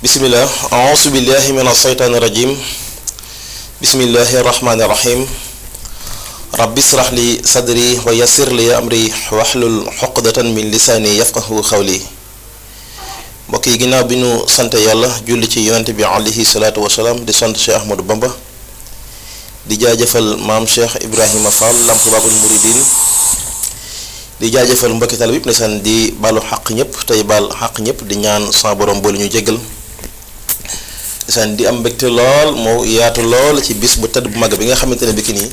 bismillah auusu billahi min aseytaani rajim bismillahi rahmaani rahim rabbi israh sadri wa yassir li amri waxlul xoqdatan min lisaani yafqahu xawli mbokk yi ginnaaw bi ñu sant yàlla julli ci yonent bi alayhi salaatu wasalaam di sant Cheikh Ahmadou Bamba di jaajëfal maam Cheikh Ibrahima Fall Lamp Baabul Muridiin di jaajëfal mbokki talib yëpp ne san di baalu xaq ñëpp tey baal xaq ñëpp di ñaan sa borom boole ñu jéggal san di am mbégte lool moo yaatu lool ci bis bu tedd bu màgg bi nga xamante ne bikki nii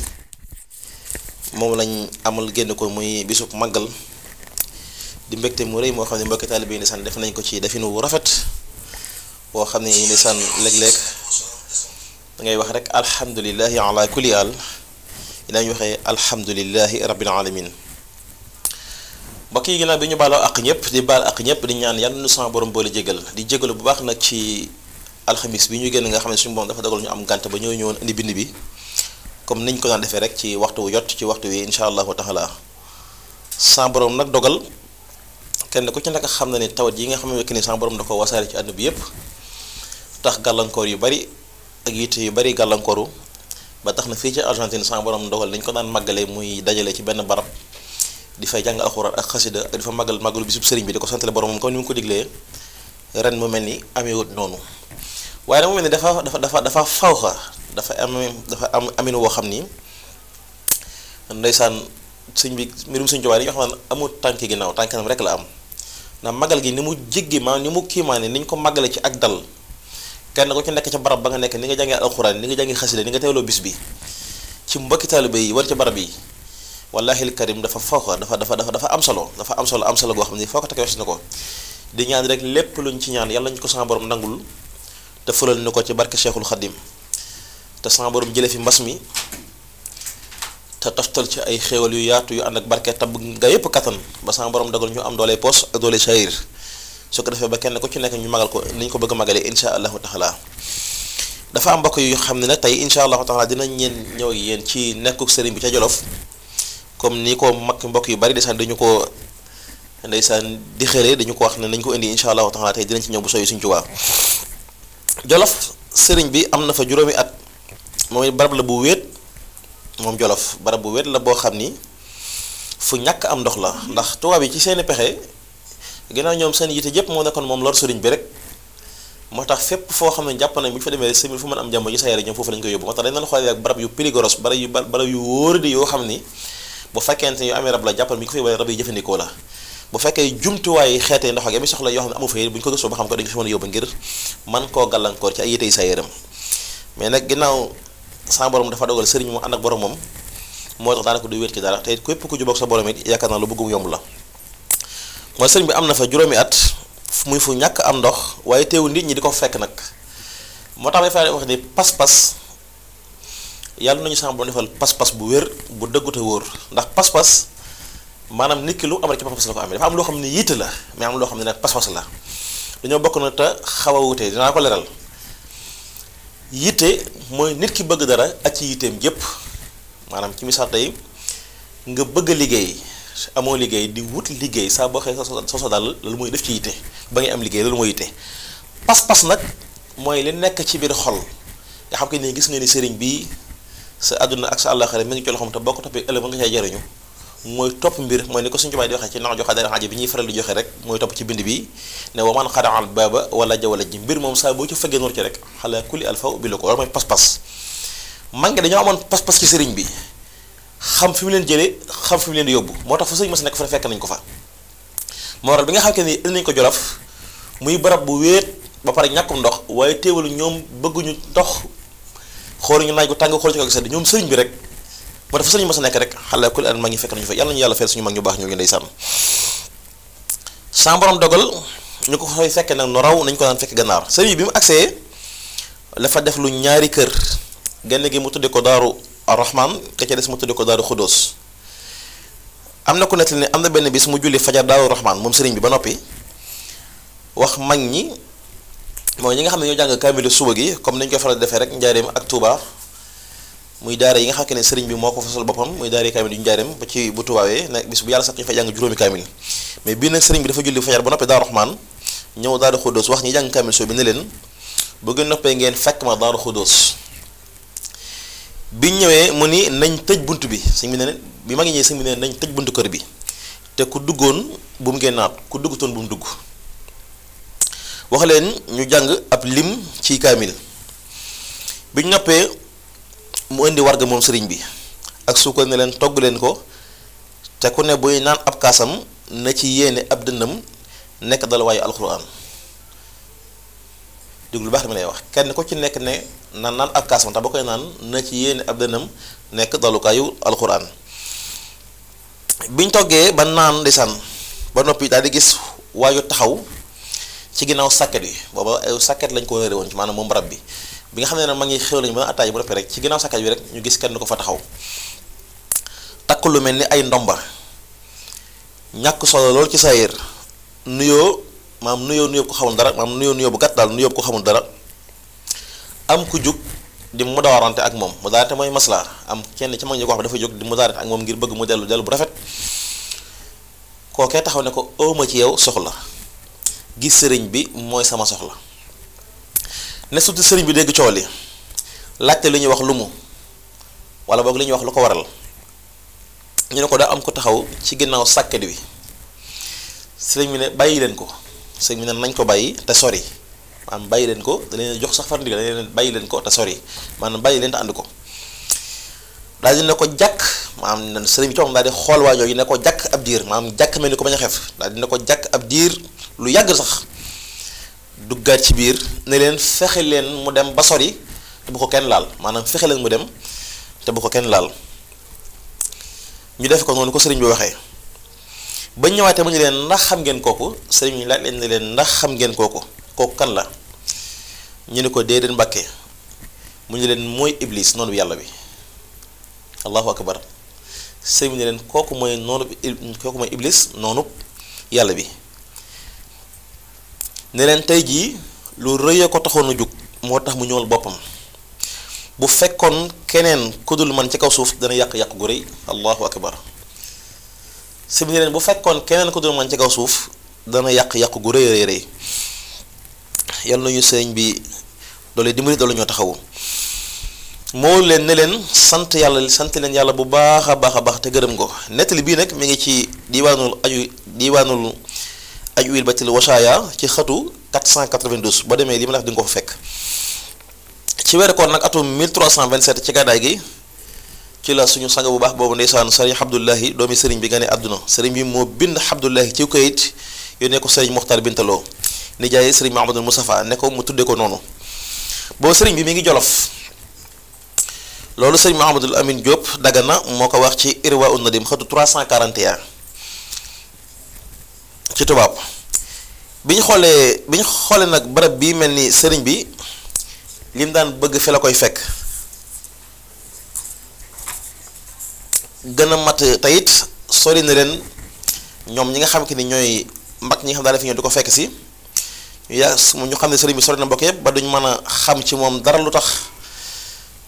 moom lañ amal génn ko muy bisub màggal di mbégte mu rëy moo xam ne mbokki taalibe yi ndeysaan def nañ ko ci definu wu rafet boo xam ne ndeysaan léeg-léeg dangay wax rek alhamdulilahi ala kulli al dinañ waxee alhamdulilahi rabbil alamin mbokk yi ginnaaw bi ñu baaloo ak ñëpp di baal ak ñëpp di ñaan yàlla nu sama borom boole jégal di jégalu bu baax nag ci alxamis bi ñu génn nga xam ne suñu borom dafa dogal ñu am gànt ba ñoo ñëwoon indi bind bi comme niñ ko daan defee rek ci waxtu yot jot ci waxtu wi incha allahu taala sa borom nag dogal kenn ku ci nekk xam na ni tawat yi nga xam ne ni sa borom da ko wasaare ci àdduna bi yépp tax gàllankoor yu bari ak yitte yu bari gàllankooru ba tax na fii ci Argentine sa borom dogal nañ ko daan màggalee muy dajale ci benn barab di fay jàng alxuraan ak xasida ak di fa màggal màggalu bisub sëriñ bi di ko santale boromam comme ni mu ko diglee ren mu mel ni ameewut noonu waaye dama mel ni dafa dafa dafa dafa fawxa dafa am dafa am amin woo xam ni ndeysaan sëñ bi mbirum sëñ Tuubaa yi nga xam ne amul tànk ginnaaw tànk kanam rek la am ndax magal gi ni mu jéggi ma ni mu kiimaane ni ñu ko màggale ci ak dal kenn ko ci nekk ca barab ba nga nekk ni nga jàngee alxuraan ni nga jàngee xasida ni nga teewloo bis bi ci mbokki taalibe yi war ci barab yi wallaahil karim dafa fawxa dafa dafa dafa dafa am solo dafa am solo am solo goo xam ne foo ko takkee na ko di ñaan rek lépp luñ ci ñaan yàlla ñu ko sama borom nangul te fulal ni ko ci barke Cheikhul Xadim te sama borom jële fi mbas mi te toftal ci ay xéewal yu yaatu yu ànd ak barke tabb nga yëpp kattan ba sama borom dagal ñu am doole poos ak doole saayir su ko ba kenn ku ci nekk ñu magal ko ni ñu bëgg a magalee insha allahu taala dafa am mbokk yu xam ne nag tey insha allahu taala dinañ ñeen ñëw yéen ci nekkuk sëriñ bi ca Jolof comme ni ko mag mbokk yu bari desaan dañu ko ndeysaan di xëlee dañu ko wax ne nañ ko indi insha allahu taala tey dinañ ci ñëw bu sooy suñ ci waa jolof sëriñ bi am na fa juróomi at moom barab la bu wéet moom jolof barab bu wéet la boo xam ni fu ñàkk am ndox la ndax tubaab yi ci seeni pexe ginnaaw ñoom seen yite yëpp moo nekkoon moom lor sëriñ bi rek moo tax fépp foo xam ne jàpp nañ bu ñu fa demee sëriñ fu mën am jàmm ji sa yare ñoom foofu lañ koy yóbbu moo tax dañ doon xoolee ak barab yu périgorose barab yu barab yu wóor di yoo xam ni bu fekkente ni yu amee rab la jàppal mi ko fi wala rab yi jëfandikoo la bu fekkee jumtuwaay yi xeetee ndox ak yami soxla yoo xam ne amu fa bu ñu ko gëstu ba xam ko dañu fi mën man koo gàllankoor ci ay yite sa yaram mais nag ginnaaw sa borom dafa dogal sëriñ mu ànd ak borom moom moo tax daanaka du wér ci dara te it képp ku jubóog sa borom it yaakaar naa lu bëggum yomb la moo sëriñ bi am na fa juróomi at muy fu ñàkk am ndox waaye teewul nit ñi di ko fekk nag moo tax may faral wax ni pas-pas yàlla nañu sa borom defal pas-pas bu wér bu dëggu wóor ndax pas-pas maanaam nit ki lu am rek amee ne yitte la mais am loo xam ne nag dañoo bokk na te xaw a wutee dinaa ko leral yitte nit ki bëgg dara ak ci yitteem jëpp maanaam ci misaal tey nga bëgg liggéey amoo liggéey di wut liggéey saa boo xëy sa sa daal loolu mooy def ci yitte ba ngay am liggéey loolu mooy yitte pas-pas nag mooy li nekk ci biir xol nga xam ko ni gis nga ni sëriñ bi sa àdduna ak sa àllaaxira mi ngi ci loxoom te boo ko toppee ëllëg nga cay jariñu mooy topp mbir mooy ni ko suñu jubaay di waxee ci nax joxe dara xaaja bi ñuy faral di joxe rek mooy topp ci bind bi ne wa man xadaal baaba wala jawala ji mbir moom saa boo ci fëggee noor ci rek xala kulli alfaw bi la ko loolu mooy pas-pas man ngi dañoo amoon pas-pas ci sëriñ bi xam fi mu leen jëlee xam fi mu leen yóbbu moo tax fa sëriñ mas nekk fa fekk nañ ko fa moo bi nga xam ne indi nañ ko jolof muy barab bu wéet ba pare ñàkkum ndox waaye téewalu ñoom bëgguñu ndox xooluñu naaj gu tàng xool ci ko ñoom sëriñ bi rek ba dafa sëriñ mas nekk rek xale ku leen mag ñi fekk nañu fa yàlla ñu yàlla fay suñu mag ñu baax ñooñu ndeysaan sa borom dogal ñu ko fay fekkee nag nu raw nañ ko daan fekk gannaar sëriñ bi mu agsee dafa def lu ñaari kër genn gi mu tudde ko daaru arrahman ka ca des mu tudde ko daaru xudóos am na ku nettali ne am na benn bis mu julli fajar daaru rahman moom sëriñ bi ba noppi wax mag ñi mooy ñi nga xam ne ñoo jàng kaamilu suba gi comme nañ ko faral defee rek njaareem ak Touba. muy daara yi nga xam ne sëriñ bi moo ko fasal boppam muy daara kaamil yu ñu jaarem ba ci bu tubaabee nag bis bu yàlla sax ñu fa jàng juróomi kaamil mais bii nag sëriñ bi dafa julli fajar ba noppee Daaru Rahmaan ñëw Daaru Xuddoos wax ñi jàng kaamil soo bi ne leen bu ngeen noppee ngeen fekk ma Daaru ñëwee mu ni nañ tëj bunt bi sëñ bi ne bi ma ngi ñëwee sëñ bi ne nañ tëj buntu kër bi te ku duggoon bu mu génnaat ku duggutoon bu mu dugg wax leen ñu jàng ab lim ci kaamil mu indi warga moom sëriñ bi ak suukar ne leen togg leen ko te ku ne buy naan ab kaasam na ci yéene ab dënnam nekk dala waayu alxuraan déglu lay wax kenn ku ci nekk ne naan naan ab kaasam tax ba naan ci yéene ab dënnam nekk dalukaayu alxuraan biñ toggee ba naan di sànn ba noppi daal di gis waaju taxaw ci ginnaaw sàkket yi booba ay sàkket lañ ko woon ci maanaam moom barab bi bi nga xam ne nag ma ngi xew lañ man attaay bu noppee rek ci bi rek ñu gis kenn ko fa lu mel ni ay ndomba ñàkk solo loolu ci saayir nuyoo maam nuyoo nuyoo ko xamul dara maam nuyoo bu gàtt daal nuyoo ko xamul dara am ku jug di mu dawarante ak moom mu daarante mooy maslaa am kenn ci mag ñi ko wax dafa jóg di mu daarante ak moom ngir bëgg mu dellu dellu bu rafet kookee taxaw ne ko ëwma ci yow soxla gis sëriñ bi mooy sama soxla ne surtout sëriñ bi dégg coow li laajte li ñuy wax lu mu wala boog li ñuy wax lu ko waral ñu ne ko daa am ko taxaw ci ginnaaw sàkket wi sëriñ bi ne bàyyi leen ko sëriñ bi ne nañ ko bàyyi te sori maanaam bàyyi leen ko da jox sax far ndigal da leen bàyyi leen ko te sori maanaam leen ànd ko daal di ne ko jàkk maanaam sëriñ bi ci moom daal di xool waajoo yi ne ko jàkk ab diir maanaam jàkk mel ni ko bañ a xef daal di ne ko jàkk ab diir lu yàgg sax duggaat ci biir ne leen fexe leen mu dem ba sori te bu ko kenn laal maanaam fexe leen mu dem te bu ko kenn laal ñu def ko noonu ko sëriñ bi waxee ba ñëwaatee mu ñu leen ndax xam ngeen kooku sëriñ bi laaj leen ne leen ndax xam ngeen kooku kooku kan la ñu ne ko déedéet mbàkke mu ñu leen mooy iblis noonu yàlla bi allahu akbar sëriñ bi ne leen kooku mooy noonu kooku mooy iblis noonu yàlla bi ne leen tey jii lu rëy ko taxoon a jóg moo tax mu ñëwal boppam bu fekkoon keneen ku dul man ci kaw suuf dana yàq-yàq gu rëy allahu akbar si leen bu fekkoon keneen ku dul man ci kaw suuf dana yàq-yàq gu rëy rëy rëy yal nañu sëñ bi doole dimbali doole ñoo taxawu moo leen ne leen sant yàlla sant leen yàlla bu baax a baax a baax te gërëm ko nettali bii nag mi ngi ci diiwaanul aju diiwaanul aj wil batil washaaya ci xëtu 492 ba demee li ma la wax di nga ko fa fekk ci weeru koor nag atum ci gàddaay gi ci la suñu sang bu baax boobu ndeysaan sëriñ Abdullahi doomi sëriñ bi nga ne àdduna sëriñ bi moo bind Abdullahi ci kayit yónnee ko sëriñ Moxtaar Bintaloo nijaay sëriñ Mahamadul Mustafa ne ko mu tuddee ko noonu boobu sëriñ bi mi ngi jolof loolu sëriñ Mahamadul Amin Diop Dagana moo ko wax ci Irwa un Nadim xëtu 341 ci tubaab bi ñu xoolee bi ñu xoolee nag barab bi mel ni sëriñ bi lim daan bëgg fi la koy fekk gën a mat tayit sori na leen ñoom ñi nga xam ni ñooy mag ñi nga xam daal fi ñoo di ko fekk si yaa ñu xam ne sëriñ bi sori na mbokk yëpp ba duñ mën a xam ci moom dara lu tax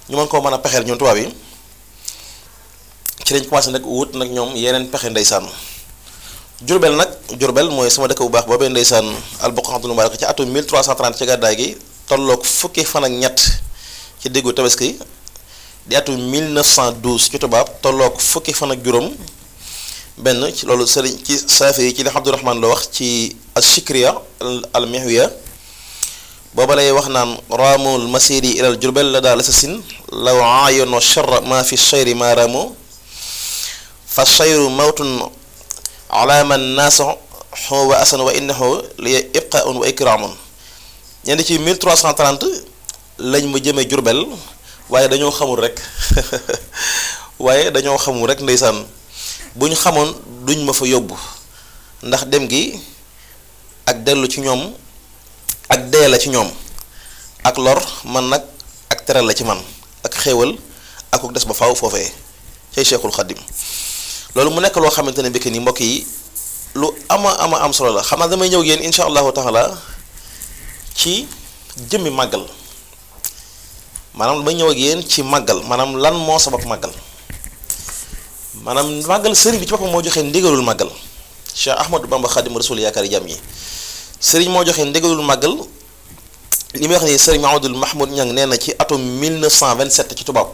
ñu mën koo mën a pexeel ñun tubaab yi ci lañ commencé nag wut nag ñoom yeneen pexe ndeysaan Jurbel nag Jurbel mooy sama dëkk bu baax boobee ndeysaan albuqaatul mubaaraka ci atum 1330 ci gàddaay gi tolloog fukki fan ak ñett ci déggu tabaski di atum 1912 ci tubaab tolloog fukki fan ak juróom benn ci loolu sëriñ ci saafi yi ci li Abdourahman la wax ci ashikriya al mihwiya booba lay wax naan raamul masiri ilal jurbel la daal asasin law aayonoo charra ma fi cheyri ma raamo fa cheyru mawtun alaaman naasoo xoo wa asan wa innahu li ibqa un wa ikraamun ñenn ci 1330 lañ ma jëmee jurbel waaye dañoo xamul rek waaye dañoo xamul rek ndeysaan buñ xamoon duñ ma fa yóbbu ndax dem gi ak dellu ci ñoom ak dee la ci ñoom ak lor man nag ak teral la ci man ak xéewal ak des ba faw foofee cay Cheikhul Xadim loolu mu nekk loo xamante ne bi ni mbokk yi lu ama am am solo la xam naa damay ñëw yéen incha allahu taala ci jëmmi màggal maanaam damay ñëw ak yéen ci màggal maanaam lan moo sabab màggal maanaam màggal sëriñ bi ci boppam moo joxe ndigalul màggal Cheikh Ahmadou Bamba Xaadimu Rasul yaakaar jàmm yi sëriñ moo joxe ndigalul màggal li may wax ni sëriñ Mahamadul Mahmoud Ñang nee na ci atum 1927 ci tubaab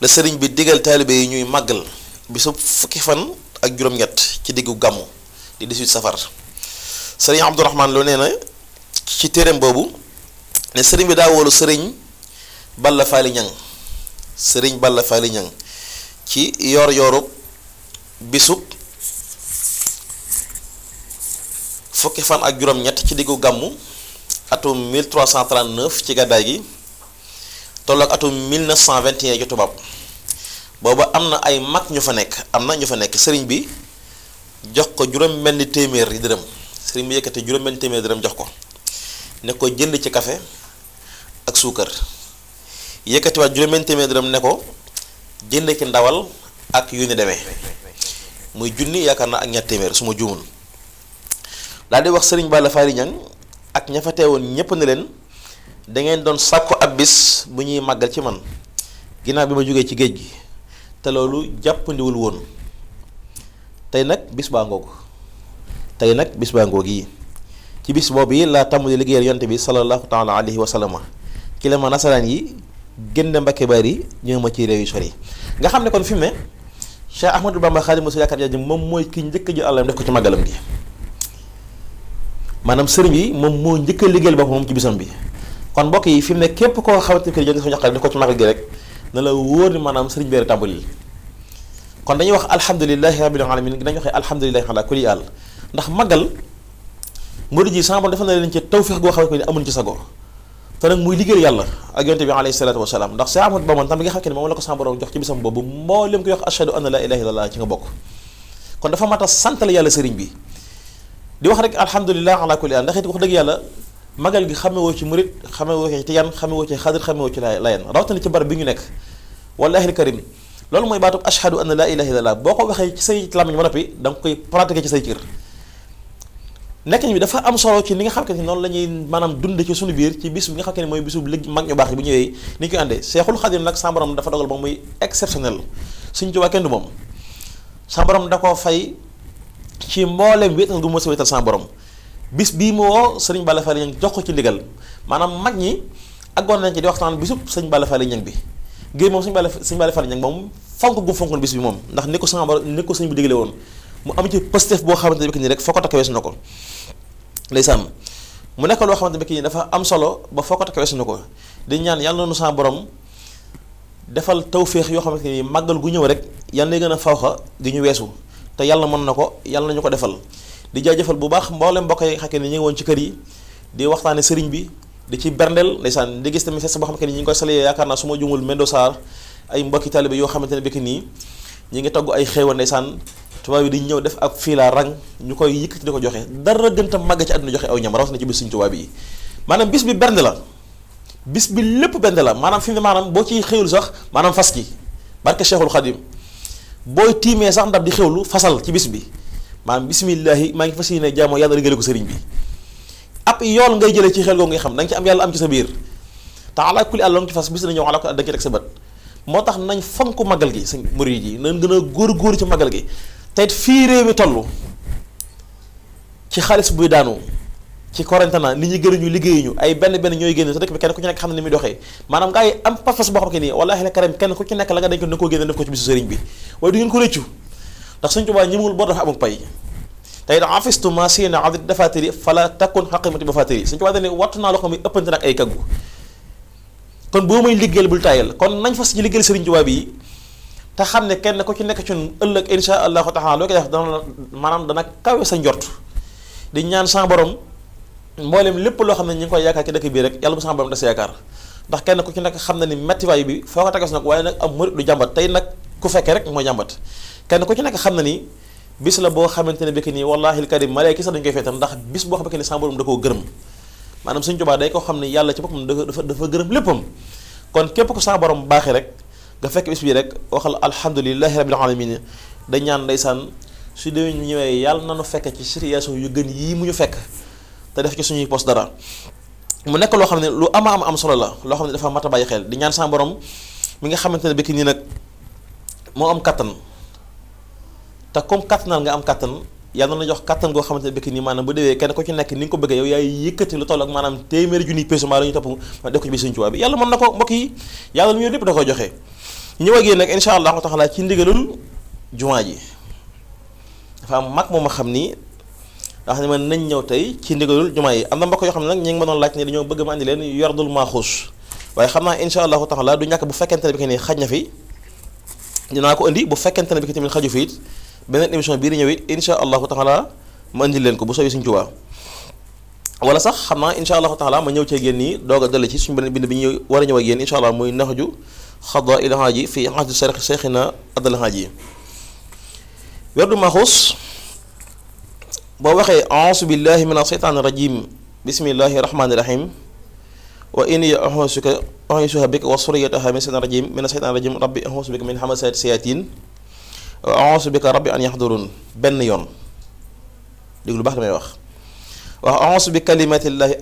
la sëriñ bi digal taalibe yi ñuy màggal. bisu fukki fan ak juróom-ñett ci diggu gàmmu di 18 safar sëriñ Abdourahman Lo nee na ci téereem boobu ne sëriñ bi daa wóolu sëriñ Balla Faali Ñang sëriñ Balla Faali Ñang ci yoor yoorub bisub fukki fan ak juróom-ñett ci diggu gàmmu atum 1339 ci gàddaay gi tolloog atum 1921 ci tubaab booba am na ay mag ñu fa nekk am na ñu fa nekk sëriñ bi jox ko juróom benn téeméer yi dërëm sëriñ bi yëkkate juróom benn téeméer dërëm jox ko ne ko ci café ak suukar yëkkatiwaat juróom benn téeméer dërëm ne ko jënd ci ndawal ak yu ni demee muy junni yaakaar naa ak ñaar téeméer su ma juumul daal di wax sëriñ Balla Fally ak ña fa teewoon ñépp ne leen dangeen doon sàkku ab bis bu ñuy màggal ci man ginnaaw bi ma jógee ci géej gi te loolu jàppandiwul woon tey nag bis baa ngoog tey nag bis baa ngoog yi ci bis boobu yi laa tàmbali liggéeyal yonte bi sallallahu taala alayhi wa sallama ki la ma nasaraan yi génn Mbàkke Bari ñëw ma ci réew yu yi nga xam ne kon fi mu ne Cheikh Ahmadou Bamba Xaadimu Rasuul yaakaar ji moom mooy ki njëkk a jël àllam def ko ci màggalam gi maanaam sëriñ bi moom moo njëkk a liggéeyal boppam moom ci bisam bi kon mbokk yi fi mu ne képp koo xamante kër yi jot ko ci màggal gi rek. na la wóor ni maanaam sëriñ beer tàmbali kon dañu wax alhamdulilahi rabbil alamin dañuy waxee alhamdulilahi ala kulli àll ndax magal murid ji sama dafa na leen ci tawféex goo xam ne amuñ ci sago te nag muy liggéeyal yàlla ak yonte bi alayhi salaatu wasalaam ndax sa Ahmadu Bamba tam bi nga xam ne moom la ko sama borom jox ci bisam boobu la ilaha ci nga bokk kon dafa mat a santal yàlla sëriñ bi di wax rek alhamdulilah ala kulli àll ndax it dëgg yàlla magal gi xamewoo ci murit xamewoo ci tijaan xamewoo ci xadir xamewoo ci layen rawatina ci barab bi ñu nekk wallahi al karim loolu mooy baatu ashhadu an laa ilaha illallah boo ko waxee ci say làmmiñ ba noppi da nga koy pratiquer ci say cër nekk bi dafa am solo ci ni nga xam ne noonu la ñuy maanaam dund ci suñu biir ci bis bi nga xam ne mooy bisu lëg mag ñu baax yi bu ñëwee ni ñu koy àndee Seexul Xadim nag sàmbaram dafa dogal ba muy exceptionnel suñu ci waa kenn du moom sàmbaram da ko fay ci mboolem wéetal gu mos a wéetal sàmbaram bis bii mu woo sëriñ Balla Fally Niang jox ko ci ndigal maanaam mag ñi aggoon nañ ci di waxtaan bisub sëriñ Balla Fally Niang bi géej moom sëriñ Balla sëriñ Balla Fally Niang moom fonk gu fonkoon bis bi moom ndax ni ko sama borom ni ko sëriñ bi digle woon mu am ci pëstef boo xamante ne bi nii rek foo ko takk weesu na ko ndeysaan mu nekk loo xamante ne bi nii dafa am solo ba foo ko takk weesu na ko di ñaan yàlla noonu sama borom defal féex yoo xamante ni màggal gu ñëw rek yàlla na gën a fawxa di ñu weesu te yàlla mën na ko yàlla nañu ko defal di jaajëfal bu baax mboole mbokk yi xakkee ni ñu ngi woon ci kër yi di waxtaane sëriñ bi di ci berndeel ndeysaan di gis tamit fes boo xam ne ni ñu ngi koy salee yaakaar naa su ma jumul Mendoza ay mbokki talibe yoo xamante ne bi nii ñi ngi togg ay xéewal ndeysaan tubaab yi di ñëw def ak fiilaa la rang ñu koy yëkkati di ko joxe dara gënta màgg ci àdduna joxe aw ñam rawatina ci bis suñu tubaab yi maanaam bis bi bernde la bis bi lépp benn la maanaam fi mu maanaam boo ciy xéwlu sax maanaam fas gi barke Cheikhul Khadim booy tiimee sax ndab di xéwlu fasal ci bis bi maanaam bisimillahi maa ngi fas yéene jaamoo yàlla régale ko sëriñ bi ab yool ngay jëlee ci xel googu ngay xam da nga ci am yàlla am ci sa biir te ala kulli àll ci nga ci teg moo tax nañ fonk magal gi sa murid yi nañ a góor-góor ci magal te fii réew toll ci xaalis buy daanu ci quarantaine nit ñi gënuñu liggéeyuñu ay benn benn ñooy génn sa dëkk bi kenn ku ci nekk xam ne ni muy doxee maanaam nga am pas-pas boo xam ne nii wallaahi la kenn ku ci nekk la nga denc na koo génne def ko ci bisu sëriñ bi waaye du ngeen ko rëccu ndax Sëñ Tuubaa ñëmul bor dafa amul pay tey da afistu ma sina adid dafatiri fala takun xaqimati bafatiri Sëñ Tuubaa dane wattu naa loo xam ne ëppante nag ay kaggu kon boo muy liggéey bul tayal kon nañ fas ñu liggéeyal Sëriñ Tuubaa bi te xam ne kenn ku ci nekk ci ëllëg insha allahu taala loo koy def dana maanaam dana kawe sa njort di ñaan sa borom mboolem lépp loo xam ne ñu ngi koy yaakaar ci dëkk bii rek yàlla bu sa borom des yaakaar ndax kenn ku ci nekk xam na ni méttiwaay bi foo ko tagas nag waaye nag am murit du jàmbat tey nag ku fekkee rek mooy jàmbat kenn ku ci nekk xam na ni bis la boo xamante ne bi ni wallahi karim malayka sax dañu koy feetam ndax bis boo xamante ne sa borom da koo gërëm maanaam ko xam ne yàlla ci boppam dafa dafa gërëm léppam kon képp ku sa borom baaxee rek nga fekk bis bii rek waxal alhamdulilahi rabbil alamin dañ ñaan ndeysaan su dee ñëwee yàlla na nu fekk ci situation yu gën yii mu ñu fekk te def ci suñuy post dara mu nekk loo xam ne lu ama am am solo la loo xam ne dafa mat a bàyyi xel di ñaan sa borom mi nga xamante ne bi nii nag moo am kattan te comme kattanal nga am kattan yàlla na jox kattan goo xamante ne bëkk nii maanaam bu déwee kenn ko ci nekk ni nga ko bëggee yow yaay yëkkati lu toll ak maanaam téeméeri junni peso maa la ñu topp def ko ci biir Sëriñ Tuubaa bi yàlla mën na ko mbokk yi yàlla lu ñu da joxe ñëw ak yéen insha allahu taala ci ndigalul am mag moom a xam ni ndax ne nañ ñëw tey ci ndigalul jumaa yi am na mbokk yoo xam ne ñu ngi ma doon laaj ne dañoo bëgg ma leen yordul maaxuus waaye xam naa insha du ñàkk bu fekkente ne bi ko nii xaj na fi dinaa ko indi bu fekkente ne bi ko tamit xaju fii beneen émission bii di ñëw it incha allahu taala ma indil leen ko bu soobee suñ Tuubaa wala sax xam naa incha allahu taala ma ñëw cee génn nii doog a dale ci suñu beneen bind bi ñu war a ñëw ak yéen incha allah muy naxju xada il haaji fii haaji sarix seexina adal haaji werdu maxuus boo waxee auzu billahi min aseytaani rajim bismillahi rahmaani rahim wa inni u'iizuka bika wa zurriyataha min seytaan rajim min seytaan rajim rabbi u'iizu a'uuzu bika rabbi an yaxduruun benn yoon déglu baax damay wax wax a'uuzu bi kalimatillahi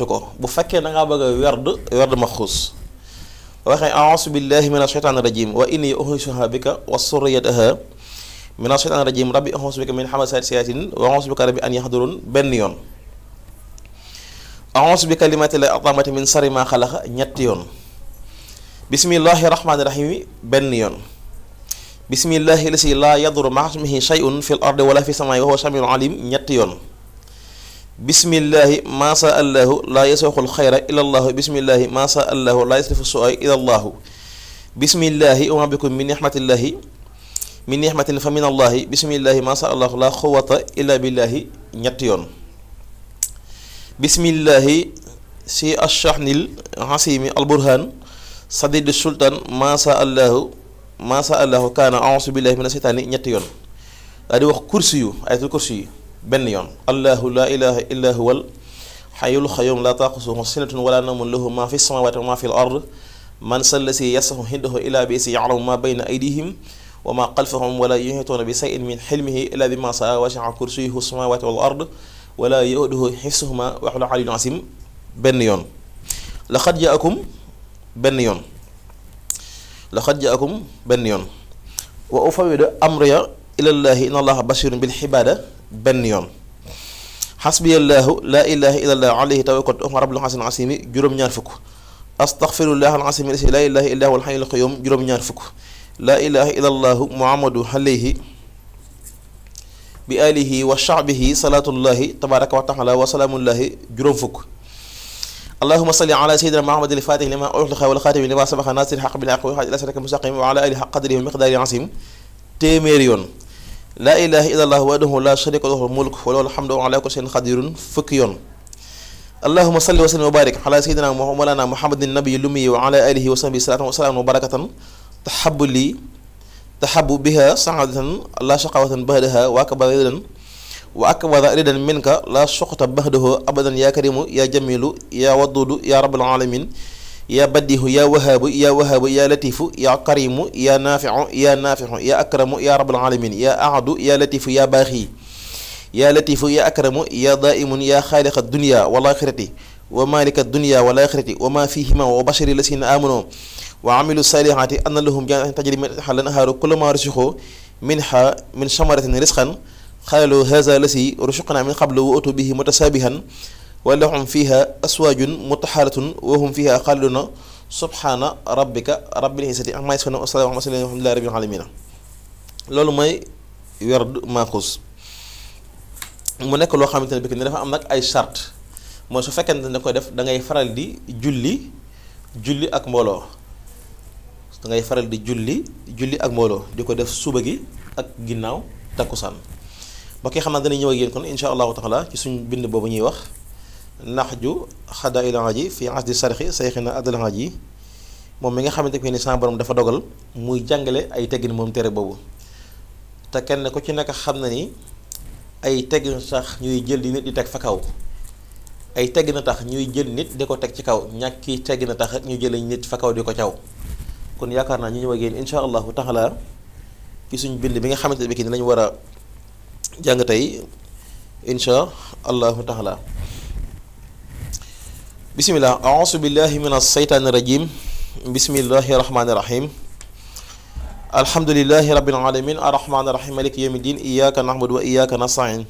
ko bu fekkee da ngaa bëgg a werd werd maxuus waxee a'uuzu billahi min asheytaani rajim wa inni uhiisuha bika wa surriyataha min asheytaani rajim rabbi an yaxduruun benn yoon a'uuzu bi kalimatillahi attaamaati min sharri maa xalaqa ñetti yoon bismillahi rahmaani rahim benn yoon bismillahi lasi laa yaduru maa ismihi shay'un fil ardi wala fi samaa'i wa huwa samiul alim ñetti yoon bismillahi maa saa allahu laa yasriqul xayra ila allahu bismillahi maa saa allahu laa yasrifu su'a ila allahu bismillahi wa bikum min nihmatillahi min nihmatin fa min allahi bismillahi maa saa allahu laa quwwata illa billahi ñetti yoon bismillahi si ashahnil hasimi alburhan sadidi sultan maasa allahu maasa allahu kaana ausu billahi mina seytaani ñetti yoon daal di wax kursi yu ayatul kursi yu benn yoon allahu laa ilaha illa huwal xayul xayum laa taqusuhu sinatun wala namun lahu maa fi samawati wa maa fi l ard man sallasi yasahu hindahu ilaa bi si yalamu maa bayna aydihim wa maa xalfahum wala yuhituuna bi sayin min xilmihi illa bi ma saa wasaa kursiyuhu samawati wal ard wala yauduhu xifsuhuma waxul aliyul asim benn yoon laqad jaakum benn yoon laqad jaakum benn yoon wa ufawidu amriya ilallahi inna allaha basirun bil xibaada benn yoon xasbiyallahu laa ilaha illallah alayhi tawakkaltu wa rabbul asil asimi juróom-ñaar fukk astaxfirullah al asimi lasi laa juróom-ñaar fukk allahuma salli ala sayidina mahamad al fatih lima uxliqa wal xaatimi lima sabaxa nasir xaq bil xaq wa xaaj asraka mustaqim wa ala ali xaq qadri wa miqdaari asim téeméeri yoon laa ilaha illa allah wahdahu la sharika lahu mulk wa lahu alhamdu wa ala kulli shay'in qadirun fukki yoon allahuma salli wa sallim wa barik ala sayidina mawlana muhammadin nabiyi lumiyi wa ala alihi wa sahbihi salatan wa salaman wa barakatan taxabu lii taxabu biha saadatan la shaqawatan bahdaha waakaba ridan wa akbara ridan minka la suqta baxdahu abadan yaa karimu yaa jamilu yaa wadudu yaa rabbal alamin yaa badihu yaa wahaabu yaa wahaabu yaa latifu yaa karimu yaa naafiu yaa naafiu yaa akramu yaa rabbal alamin yaa ahadu yaa latifu yaa baaxi yaa latifu yaa akramu yaa daimun yaa xaaliqa dunya wal axirati wa maalika dunya wal axirati wa maa fihima wa bashiri lasina aamano wa amilu saalihaati anna lahum jannatin tajri min tahtiha al anhaaru kullamaa rusixu minha min samaratin risqan xaalu haza lasi rusuqna min qablu wa utu bihi mutasaabihan wa lahum fiha aswaajun mutaharatun wa hum fiha xaaliduna subhaana rabbika rabbil izzati amma yasifun wa salaamun alhamdulillahi rabbil alamin loolu mooy werd maaxuus mu nekk loo xamante ne bi ni dafa am nag ay charte mooy su fekkente ne koy def dangay faral di julli julli ak mbooloo dangay faral di julli julli ak mbooloo di ko def suba gi ak ginnaaw takkusaan ba ki xamante ne ñëw ak yéen kon insha allahu taala ci suñ bind boobu ñuy wax naxju xada ilaji fi asdi sarxi sayxina adalhaj yi moom mi nga xamante ne ni borom dafa dogal muy jàngale ay teggin moom tere boobu te kenn ku ci nekk xam na ni ay teggin sax ñuy jël di nit di teg fa kaw ay tegg na tax ñuy jël nit di ko teg ci kaw ñàkki tegg na tax ñu jël nit fa kaw di ko caw kon yaakaar naa ñu ñëw ak yéen insha allahu taala ci suñ bind bi nga xamante ne bi ki ni lañu war a jàng tey insha allahu taala bismillah ausu billahi min alseytaani rajim bismillahi rahmaani rahim alhamdulilahi rabbil alamin arrahmaani rahim maliki yawmi din iyaka nahmadu wa iyaka nastain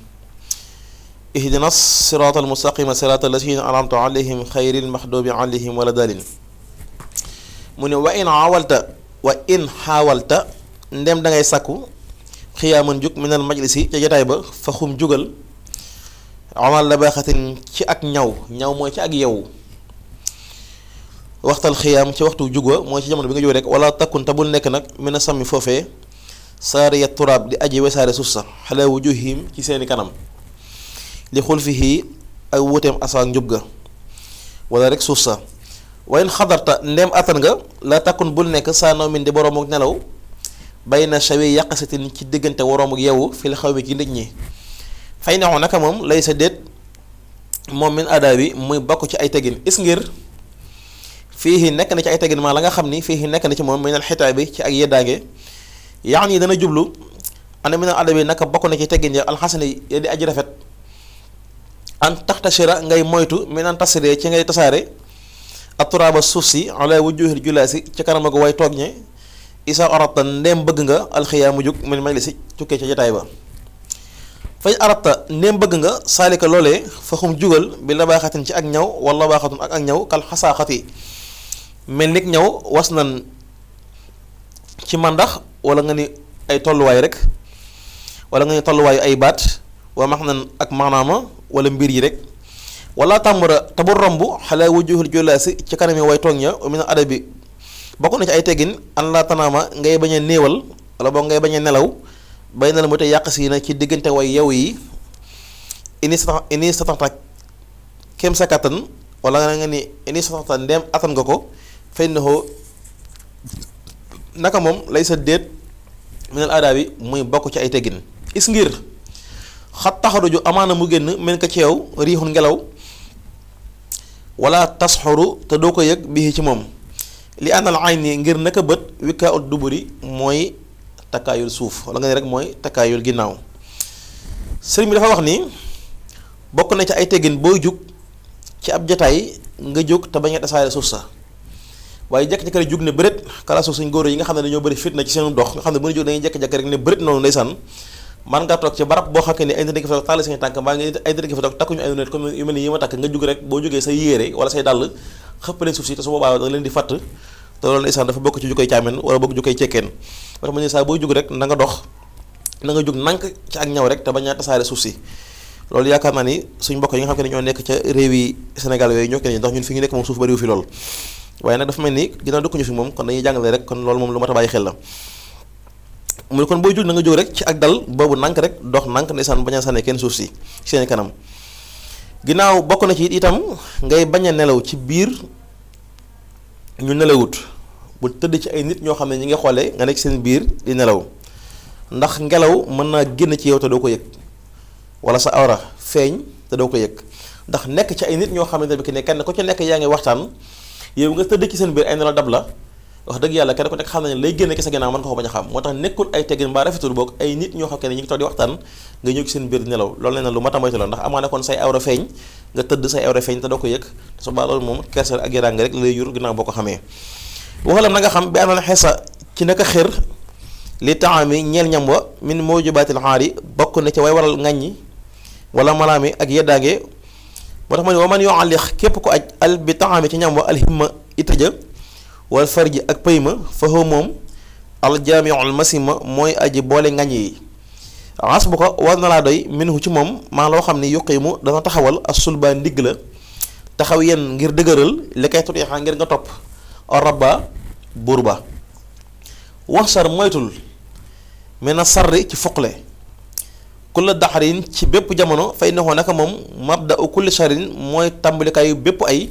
ihdina siraata almustaqima siraata alladina anamta alayhim xayri almaxdubi alayhim mu ne wa in xaawalta wa in xaawalta ndem xiyaaman jug minal majlisi ca jataay ba fa xum jugal amal la baaxatin ci ak ñaw ñaw mooy ci ak yow waxtal xiyaam ci waxtu jug wa ci jamono bi nga jóg rek wala takkun te nekk nag mën a sàmmi foofee saariya di aji suuf sa xale wujuhim ci seeni kanam li xul fii ak wuteem asaa njub ga rek suuf sa wayen xadarta ndem attan nga la takkun bul nekk saa naw min di boroomu nelaw bay na sawi yàqasatin ci diggante waroom ak yow fil xaw bi ci nit ñi fay naxu naka moom lay sa déet moom min adaa bi muy bokk ci ay tegin is ngir fii nekk na ci ay tegin maa la nga xam ni fii nekk na ci moom minal xitaa bi ci ak yeddaange yaan yi dana jublu ana minal adaa naka bokk na ci teggin ya alxasani ya di aji rafet an taxtasira ngay moytu min an tasiree ci ngay tasaare aturaaba suuf si ala wujuhil julaasi ci kanam ak way toog ñe isa arata ndéem bëgg nga alxiyaamu jug min majlisi tukkee ca jataay ba fay arata ndéem bëgg nga saalika loolee faxum jugal bi la baaxatin ci ak ñaw wala baaxatun ak ak ñaw kal xasaaxati mel nig ñaw was nan ci màndax wala nga ni ay tolluwaay rek wala nga ni tolluwaayu ay baat wa max nan ak maanaama wala mbir yi rek wala tàmbara tabu romb xale wujuhul julaasi ci kanami way tooñ ya min adabi bokk na ci ay teggin an laa tanaama ngay bañ néewal wala boog ngay bañ nelaw bay na la mu te yàq si na ci diggante way yow yi ini sa ini sa tax kem sa kattan wala nga ni ini sa tax ndeem nga ko fay na ko naka moom lay sa déet minal bi muy bokk ci ay teggin is ngir xat taxaruju amaana mu génn mel ko ci yow riixul ngelaw wala tasxoru te doo ko yëg bii ci moom li anal ayni ngir naka bët wikkaa du duburi mooy takkaayul suuf wala nga ne rek mooy takkaayul ginnaaw sëriñ bi dafa wax ni bokk na ci ay teggin boo jug ci ab jataay nga jóg te bañ a tasaare suuf sa waaye jekk-jekk rek jug ne bëreet nga xam ne dañoo bëri fitna ci seen dox nga xam ne bu ñu jóg dañuy jekk-jekk rek ne bëreet noonu ndeysaan man ngaa toog ci barab boo xam ne ay nit a ngi fa toog tàll seen tànk mbaa nga ay nit a ngi fa toog takkuñu ay nit comme mel ni yi ma takk nga jug rek boo jógee sa yére wala say dàll xëppale suuf si te su boobaa da leen di fàtt te loolu ndeysaan dafa bokk ci ju koy càmmeen wala bokk ju koy cekkeen wax ma rek na nga dox na nga jóg ak ñaw rek te bañ a tasaare suuf si loolu yaakaar naa ni suñ mbokk yi nga xam ne ñoo nekk ca réew yi Sénégal yooyu ñoo kenn fi nekk moom suuf bariwu lool waaye nag dafa mel ni ginnaaw dëkkuñu fi moom kon dañuy jàngale rek kon loolu moom lu a bàyyi xel la mu ne kon booy jóg na nga jóg rek ci ak dal boobu nank rek dox nànk ndeysaan bañ a sànne kenn suuf si seen kanam ginnaaw bokk na ci itam ngay bañ a nelaw ci biir ñu nelawut bu tëdd ci ay nit ñoo xam ne ñi ngi xoolee nga nekk seen biir di nelaw ndax ngelaw mën naa génn ci yow te doo ko yëg wala sa awra feeñ te doo ko yëg ndax nekk ci ay nit ñoo xamante ne kenn ko ci nekk yaa ngi waxtaan yow nga tëdd ci seen biir ay nelaw dab la. wax dëgg yàlla kenn ku nekk xam na ne lay génne ki sa ginnaaw mën ko ko bañ a xam moo tax nekkul ay teggin mbaa rafetul boog ay nit ñoo xam ne ñu ngi toog di waxtaan nga ñëw ci seen biir di nelaw loolu leen na lu matamaytu la ndax amaana kon say awra feeñ nga tëdd say awra feeñ te doo ko yëg te su baa loolu moom kersa ak yaraanga rek lay yur ginnaaw boo ko xamee waxalam na nga xam bi andoona xesa ci naka xër li taami ñeel ñam wa min mujubaatil xaari bokk na ci way waral ngaññi wala malaami ak yeddaange moo tax ma ne wa man képp ko aj al bi taami ci ñam wa alhimma itaja wal ji ak payma faxoo moom aljaamiul ma mooy aji boole ngañ yi xas bu ko war na laa doy minhu ci moom maa loo xam ne yuqimu dana taxawal as sulbaa ndigg la taxaw yenn ngir dëgëral li koy tutiixa ngir nga topp rabba buur ba wax sar moytul mina sarri ci fuqle kulla daxarin ci bépp jamono fay ndoxoo naka moom mabda u kulli sharin mooy tàmbalikaay bépp ay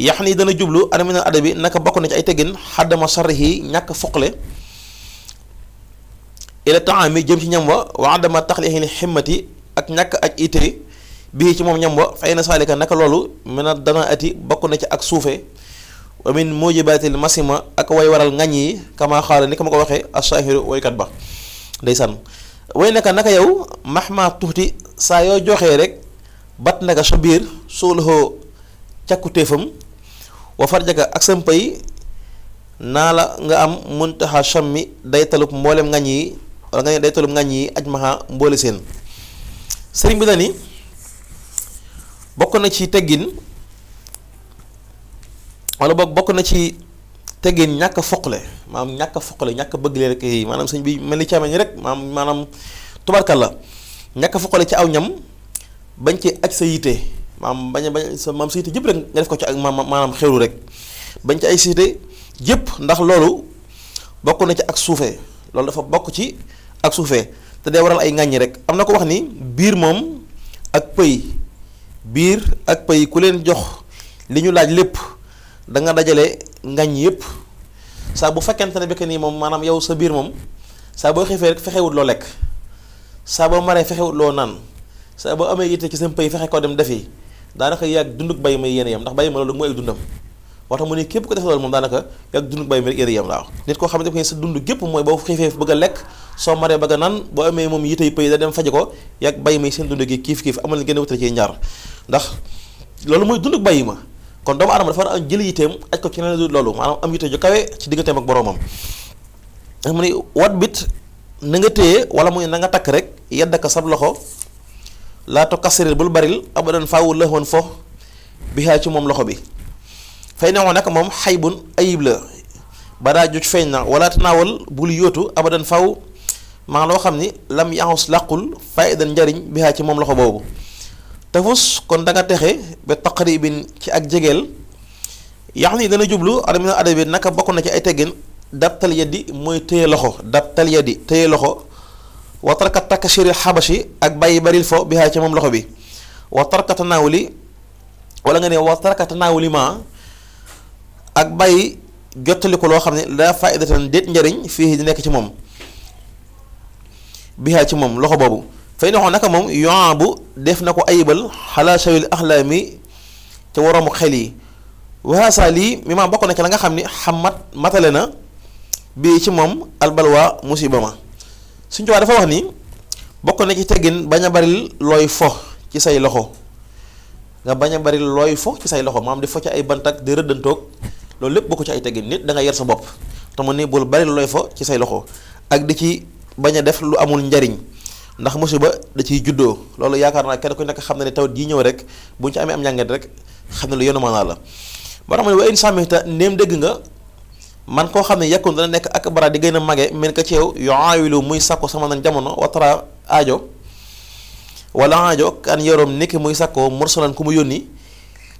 yax ni dana jublu adamina adabi naka bokk na ci ay teggin xaddama sarrihi ñàkk foqle ila taami jëm ci ñam wa wa adama taxlixi ni ximmati ak ñàkk aj itri bii ci moom ñam wa fay na saalika naka loolu mën a dana ati bokk na ci ak suufe wa min mujibatil masima ak way waral ngañ yi kama ni ka ma ko waxe asahiru waykat ba ndeysaan way naka naka yow maxma tuuti saa yoo joxee rek bat naka sa biir suuloo càkkutéefam wa farjaka ak sa naa la nga am muntaha chammi day talub mboolem ngañ yi wala nga ne day talub ngañ yi aj maxa mboole seen sëriñ bi na ni bokk na ci teggin wala boog bokk na ci teggin ñàkk a foqale maanaam ñàkk a foqale ñàkk a bëgg leen rek maanaam sëñ bi mel ni caamen rek maanaam maanaam tubarkal la ñàkk a ci aw ñam bañ ci aj sa yiite maam bañ a bañ sa maam siite jëpp rek nga def ko ci ak maam maanaam xéwlu rek bañ ci ay siite jëpp ndax loolu bokk na ci ak suufe loolu dafa bokk ci ak suufe te day waral ay ngàññi rek am na ko wax ni biir moom ak pëy biir ak pëy ku leen jox li ñu laaj lépp da nga dajale ngañ yëpp saa bu fekkente ne bekk nii moom maanaam yow sa biir moom saa boo xefee rek fexewut loo lekk saa boo maree fexewut loo naan saa boo amee yitte ci seen pëy fexe koo dem defi daanaka yàgg dunduk bay may yéen yem ndax bay ma loolu mooy ak dundam moo ne képp ko def loolu moom daanaka yàgg dunduk bay ma yéen yam waaw nit xam ne def nga sa dund gépp mooy boo xiifee lekk soo maree bëgg nan boo amee moom yitey pay da dem faje ko yàgg bay may seen dund gi kiif kiif amul ngeen wutale ci ndax loolu mooy dunduk bay ma kon doomu adama dafa war a jël yiteem aj ko ci leneen loolu maanaam am yite ju kawe ci digganteem ak boroomam mu ne wat bit na nga téye wala mooy na nga takk rek yeddaka sab loxo laato kasaril bul baril abadan faw la woon fo bihaa ci moom loxo bi fay ne woon nag moom xaybun ayib la badaa juj fey na wala tanaawal bul yóotu abadan faw maa loo xam ni lam yaxus làqul faydan njariñ bihaa ci moom loxo boobu tafus kon da texe ba taqribin ci ak jegeel yax ni dana jublu adamina adabi naka bokk na ci ay teggin dàttal yaddi mooy téye loxo dàttal yaddi téye loxo wa tarkat takashiri xabashi ak bàyyi baril fo bi ci moom loxo bi wa tarkat naawli wala nga ne wa tarkat naawli ma ak bàyyi jottali ko loo xam ne daa faidatan déet njariñ fii di nekk ci moom bi ci moom loxo boobu fay noxoon naka moom yoan bu def na ko ayibal xalaa shawil axlaami te waroomu xel yi waxaasaa lii mi ma bokk na ci la nga xam ni xamat matale na bii ci moom albalwa musiba ma Sëñ Tuubaa dafa wax ni bokk na ci teggin bañ a bari looy fo ci say loxo nga bañ a bari looy fo ci say loxo maam di fo ci ay bant ak di rëddantoog loolu lépp bokk ci ay teggin nit da yar sa bopp te mu ne bul bari looy fo ci say loxo ak di ci bañ a def lu amul njariñ ndax musiba da ciy juddoo loolu yaakaar naa kenn ko nekk xam na ne tawat jii ñëw rek bu ñu ci amee am njàngat rek xam ne lu yenu maanaa la. ba tax ma in samita ndéem dégg nga. man koo xam ne yàkkun dana nekk ak bara di gën a mage mel ko ci yow yu aawilu muy sakko sama nag jamono watara ajo wala aajo kan yoroom nekk muy sakko mursalan ku mu yónni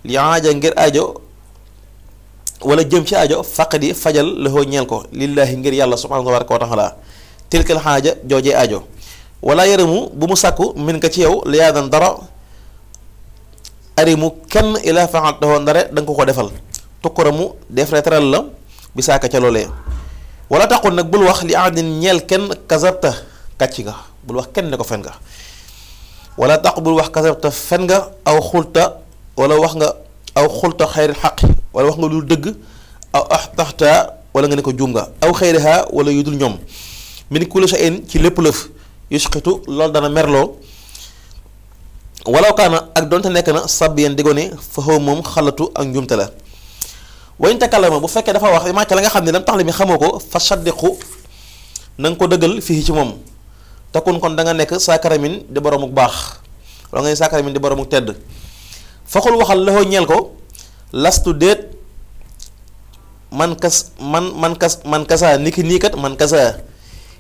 li aaja ngir aajo wala jëm ci aajo faqdi fajal loxo ñeel ko lillaahi ngir yàlla subhaanahu wa taala tilkal xaaja joojee aajo wala yaramu bu mu sàkku min ko ci yow liyaadan dara arimu kenn ilaa faxal taxoo ndare danga ko ko defal tukkuramu def reetaral la bi saaka ca loolee wala taxul nag bul wax li ahdin ñeel kenn kasabta kàcc nga bul wax kenn ne ko fen nga wala tax bul wax kasabta fen nga aw xulta wala wax nga aw xulta xayri xaq wala wax nga lu dëgg aw axtaxta wala nga ne ko juum nga aw xayriha wala yu dul ñoom min kulli shay'in ci lépp lëf yusqitu loolu dana merloo walaw kaana ak donte nekk na sàbb yeen diggoone fa xaw moom xalatu ak njuumte la wayn takallama bu fekkee dafa wax maa la nga xam ne lam tax la mi xamoo ko fa saddiqu na nga ko dëggal fii ci moom takun kon da nga nekk saakaramin di boroomu baax wala nga ne saakaramin di boroomu tedd faxul waxal laxoo ñeel ko lastu déet man kas man man kas man kasaa ni nii kat man kasaa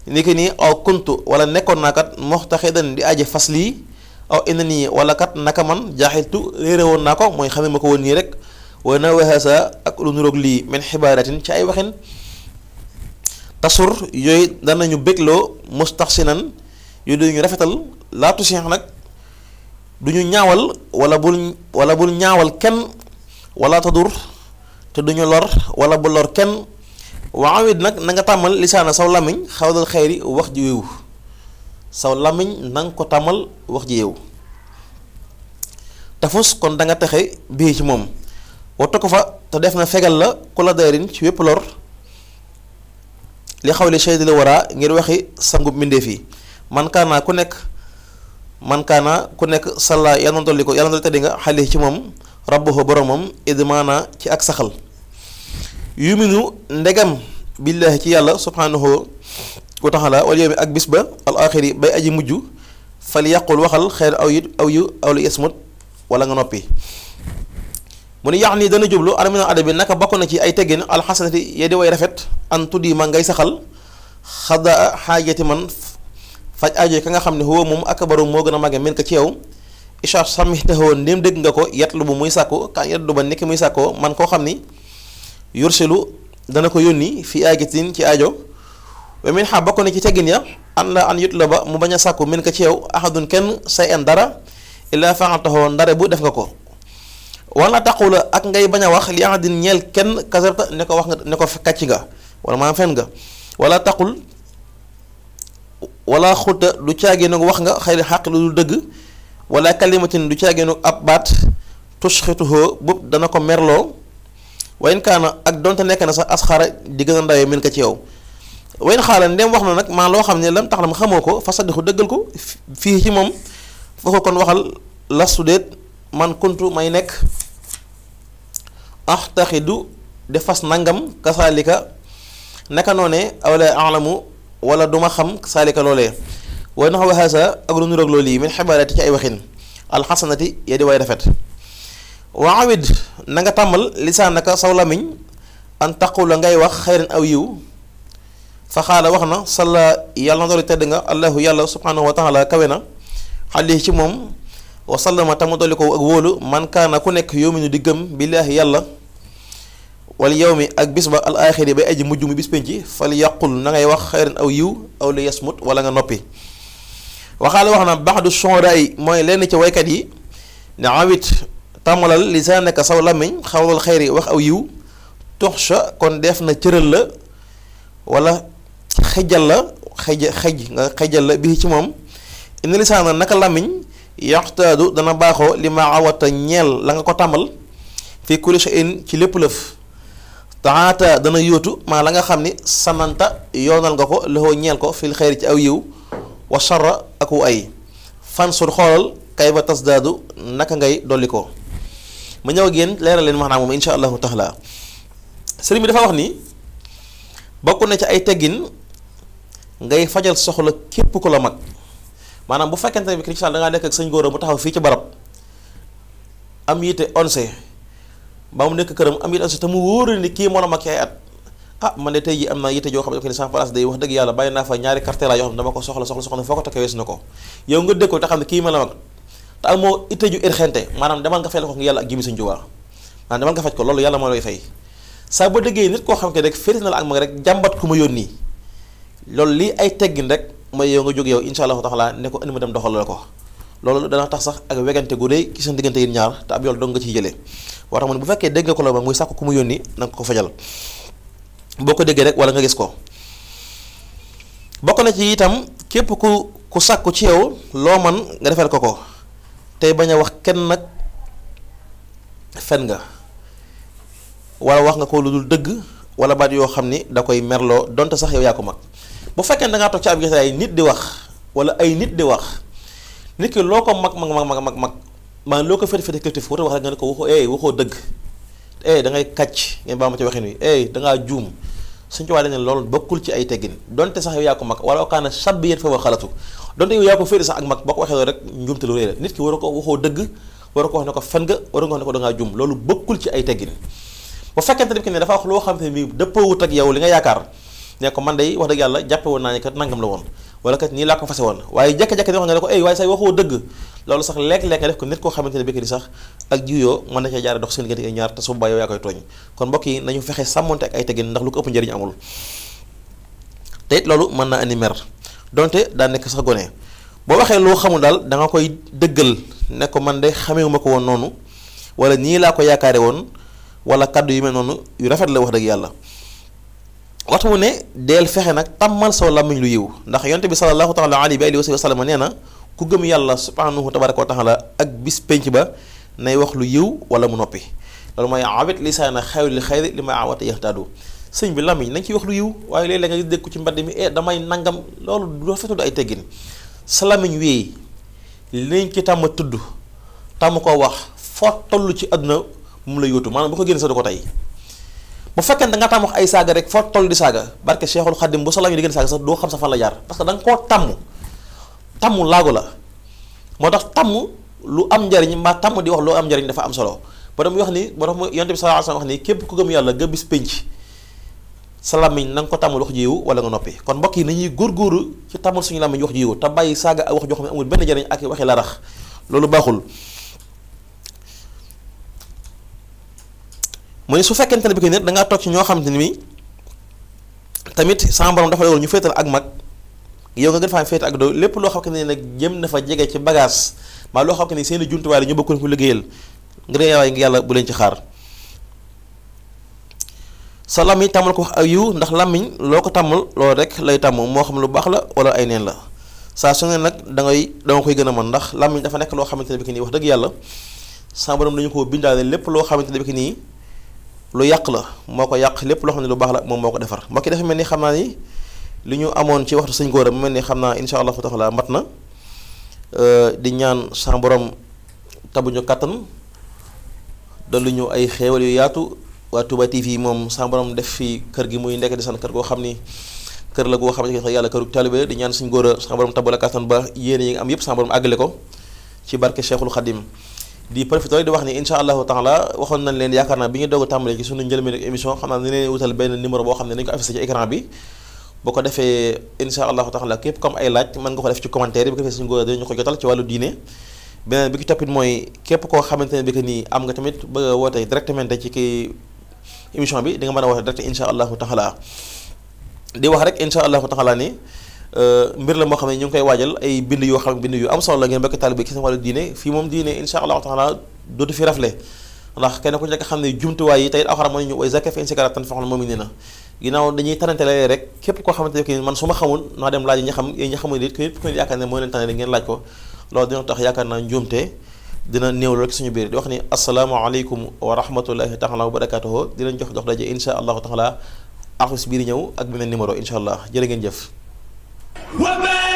ni ki nii aw kuntu wala nekkoon naa kat moxtaxidan di aje fas lii aw ina nii wala kat naka man jaaxiltu réere woon naa ko mooy xamee ma ko woon nii rek way na lu nuroog lii min xibaaratin ci ay waxin tasur yooyu danañu bégloo mustaxsinan yooyu dañu rafetal laatu seex nag duñu ñaawal wala bul wala bul ñaawal kenn wala tadur te duñu lor wala bu lor kenn waaw it nag na nga tàmmal lisaana saw làmmiñ xawdal xayri wax ji yeewu saw làmmiñ nanga ko tàmmal wax ji yeewu tafus kon danga nga texe bii ci moom wattu ko fa te def na fegal la ku la dayrin ci wépp lor li xawli shaydi la wara ngir waxi sangu mbindeef yi man kaana ku nekk man ku nekk salla yàlla na dolli ko yàlla na dolli tëddi nga xale ci moom rabbuhu boromam idmaana ci ak saxal yuminu ndegam billaahi ci yàlla subhanahu wa taala wal yawmi ak bis ba al axiri bay aji mujj fal yàqul waxal xeer aw yi aw yu aw wala nga noppi mu ne yax nii dana jublu aramina ada bi naka bokk na ci ay teggin alxasanati ye di way rafet an tuddi ma ngay saxal xada xaajati man faj aajo ka nga xam ne huwa moom akbaru moo gën a mag min ko ci yow isha samitaho ndéem dégg nga ko yatlu bu muy sàkku ka yatlu ba nekk muy sàkkoo man koo xam ni yursilu dana ko yónni fi aajatin ci aajo wa min xa bokk ci teggin ya an la an yutla ba mu bañ a sàkku min ko ci yow ahadun kenn say en dara illaa faxaltaxoo ndare bu def nga ko wala taqula ak ngay bañ a wax li ahadin ñeel kenn kasarta ne ko wax nga ne ko kàcc nga wala maanaam fen nga wala taqul wala xutta du caagee nag wax nga xëy na xàq lu dul dëgg wala kalimatin du caagee nag ab baat tusxituhoo boobu dana ko merloo wayen ak donte nekk na sax asxara di gën a ndawee min ko ci yow wayen xaala ndem wax na nag maa loo xam ne lam tax la mu xamoo ko fasadixu dëggal ko fii ci moom foo ko kon waxal lastu déet man kuntu may nekk axtaxidu de fas nangam kasaalika naka noone awla alamu wala duma xam kasaalika loolee way nax waxaasa ak lu nuroog loolu yi min xibaarati ci ay waxin alxasanati ya di way rafet wa awid na nga tàmmal lisaanaka saw lamiñ an ngay wax xayran aw yiw fa xaala wax na salla yàlla na doolu tedd nga allahu yàlla subhanahu wa taala kawe na xale ci moom wa sallama tamu dolli ko ak wóolu man kaana ku nekk yow yominu di gëm billaahi yàlla wal yow mi ak bis ba al axiri bay aji mujj mu bis penc fal yàqul na ngay wax xayran aw yiw aw li yasmut wala nga noppi waxaale wax na baax du sonra yi mooy lenn ci waykat yi ne awit tàmmalal lisaanaka saw làmmiñ xawlal xayri wax aw yiw toxsha kon def na cëral la walla xejal la xej xej nga xejal la bii ci moom indi lisaana naka làmmiñ yaxtaadu dana baaxoo li ma awata ñeel la nga ko tàmbal fi kulli ci lépp lëf taxaata dana yóotu maa la nga xam ni sananta yoonal nga ko loxo ñeel ko fil xeyri ci aw yiw wa sharra ak wu ay fansur xoolal kay ba tasdaadu naka ngay dolli ko ma ñëw ak yéen leeral leen maanaam moom insha allahu taala sëriñ bi dafa wax ni bokk na ci ay teggin ngay fajal soxla képp ku la mag maanaam bu fekkente ne Macky Sall da ngaa nekk ak sëñ góor mu taxaw fii ci barab am yitte onse ba mu nekk këram am yitte onse te mu wóor kii moo la mag ay at ah man de tey jii am naa yitte joo xam ne sama place wax dëgg yàlla bàyyi naa fa ñaari carte la yoo xam ne dama ko soxla soxla soxla foo na ko yow nga dëkk te xam ne kii ma la mag te amoo itte ju irxente maanaam demal nga fay la ko yàlla ak yàlla moo fay saa ba dëggee nit koo xam ne rek féete na la ak mag rek jàmbat ku ma yónni loolu lii ay teggin rek mooy yow nga jóg yow insha allahu taala ne ko indi ma dem doxalal ko loolu dana tax sax ak wegante gu rëy ci seen diggante yéen ñaar te ab yool dong nga ciy jëlee war tax bu fekkee dégg nga ko la ba muy sàkk ku mu ko fajal ko déggee rek wala nga gis ko bokk na ci itam képp ku ku sàkku ci yow loo man nga defal ko ko tey bañ a wax kenn nag fen nga wala wax nga ko lu dul dëgg wala baat yoo xam ni da koy merloo donte sax yow yaa ko mag bu fekkee da ngaa toog ci ab gis ay nit di wax wala ay nit di wax nit ki loo ko mag mag mag mag mag mag maanaam loo ko féete féete collectif war a wax rek nga ne ko waxoo eh waxoo dëgg eh da ngay kàcc ngeen baa ma ci waxin wi eh da ngaa juum suñu ci waa dañ ne loolu bokkul ci ay teggin donte sax yow yaa ko mag wala kaana sab yéen fa wa xalatu donte yow yaa ko féete sax ak mag boo ko waxee loolu rek njuumte lu rëy la nit ki war a ko waxoo dëgg war a ko wax ne ko fen nga war a ko wax ne ko da ngaa juum loolu bokkul ci ay teggin bu fekkente ne dafa wax loo xam ne nii dëppoowut ak yow li nga yaakaar ne ko man day wax dëgg yàlla jàppe woon naa ne kat nangam la woon wala kat nii laa ko fase woon waaye jekk-jekk di wax ne la ko ay waaye say waxoo dëgg loolu sax lekk-lekk nga def ko nit koo xamante ne békk di na cee dox seen diggante ak ñaar te su boobaa yow yaa fexe sàmmonte ak ay teggin ndax lu ko ëpp te loolu mën naa andi donte daa sax gone boo waxee loo xamul daal da koy dëggal ne ko man de xamewuma ko woon noonu wala nii laa ko yaakaare woon wala kàddu yu mel noonu yu rafet la wax dëgg yàlla waxtu mu ne del fexe nag tàmmal soo làmmiñ lu yiw ndax yonte bi sallallahu taala alayhi wa alihi wa sallam nee na ku gëm yàlla subhanahu tabaraka wa taala ak bis pénc ba nay wax lu yiw wala mu noppi loolu mooy awet lisaana xayru li xayri li may awata yaxtaadu sëñ bi làmmiñ nañ ciy wax lu yiw waaye léeg-léeg nga ci mbedd mi eh, damay nangam loolu du rafetul ay teggin sa làmmiñ wii lañ ci tàmm tudd tàmm ko wax foo toll ci àdduna mu la yootu maanaam bu ko génn sa du ko tey bu fekkente nga tàmm wax ay saaga rek foo toll di saaga barke Cheikhul Khadim bu salaam yi di gën saaga sax doo xam sa fan la jaar parce que da nga tàmm tàmm laago la moo tax tàmm lu am njariñ mbaa tàmm di wax lu am njariñ dafa am solo ba dama wax ni ba tax mu yonte bi wax ni képp ku gëm yàlla nga bis pénc sa làmmiñ na nga ko tàmmul wax ji yiw wala nga noppi kon mbokk yi góor góorgóoru ci tàmmul suñu làmmiñ wax ji yiw te bàyyi saaga ak wax jox xam amul benn njariñ ak waxi larax loolu baaxul mu ne su fekkente ne bi ko nit da ngaa toog ci ni tamit sama dafa dogal ñu féetal ak mag yow nga gën faa féete ak doo lépp loo xam ne nag jëm na jege ci bagage maa loo xam seen i jumtuwaay la ñu bokkoon ko liggéeyal ngir yaay yàlla bu leen ci xaar sa làmmiñ tàmmal ko wax ak yiw ndax làmmiñ loo ko tàmmal loolu rek lay tàmm moo xam lu baax la wala ay neen la saa su ne nag da ngay da koy gën a mën ndax làmmiñ dafa nekk loo xamante ne bi ki nii wax dëgg yàlla sa borom dañu ko bindaale lépp loo xamante ne nii lu yàq la moo ko yàq lépp loo xam ne lu baax la moom moo ko defar mbokk yi dafa mel ni xam naa ni li ñu amoon ci waxtu sëñ góora mu mel ni xam naa insha allahu taala mat na euh, di ñaan sa borom tabuñu kattan lu ñu ay xéewal yu yaatu waa Touba TV moom sa borom def fi kër gi muy nekk di san kër goo xam ni kër la goo xam ne yàlla këru taalibe di ñaan suñ góora sa borom tabu la kattan ba yéene yi nga am yépp sa borom àggale ko ci barke Cheikhul Khadim di profité rek di wax ni incha allahu taala waxoon nañ leen yaakaar naa bi ñu doog a tàmbalee ci sunu njëlbeen ak émission xam naa ne leen wutal benn numéro boo xam ne nañu ko affiché ci écran bi boo comme ay laaj mën nga ko def ci commentaire yi bu ko defee suñu góor dañu ko jotal ci wàllu diine beneen bi ki toppit mooy képp koo xamante ne bi que nii am nga tamit bëgg a woote directement ci kii émission bi di nga mën a woote direct incha allahu taala di wax rek incha allahu taala ni Euh, mbir la moo xam ne ñu ngi koy waajal ay bind yoo xam bind yu am solo la ngeen mbokk taalibe ci seen wàllu diine fii moom ku nekk xam ne jumtuwaay yi tey alxuraan moo ñu ne na ginnaaw dañuy tanante la rek koo xamante ne man su ma xamul naa dem laaj ñi xam yéen ñi xamul it képp ku ne dina tax yaakaar naa njuumte dina néew rek suñu biir di wax ni asalaamaaleykum wa rahmatullahi taala wa barakatuhu dinañ jox dox daje insha allahu taala axus biir ñëw ak beneen numéro insha allah jërë ngeen jëf wa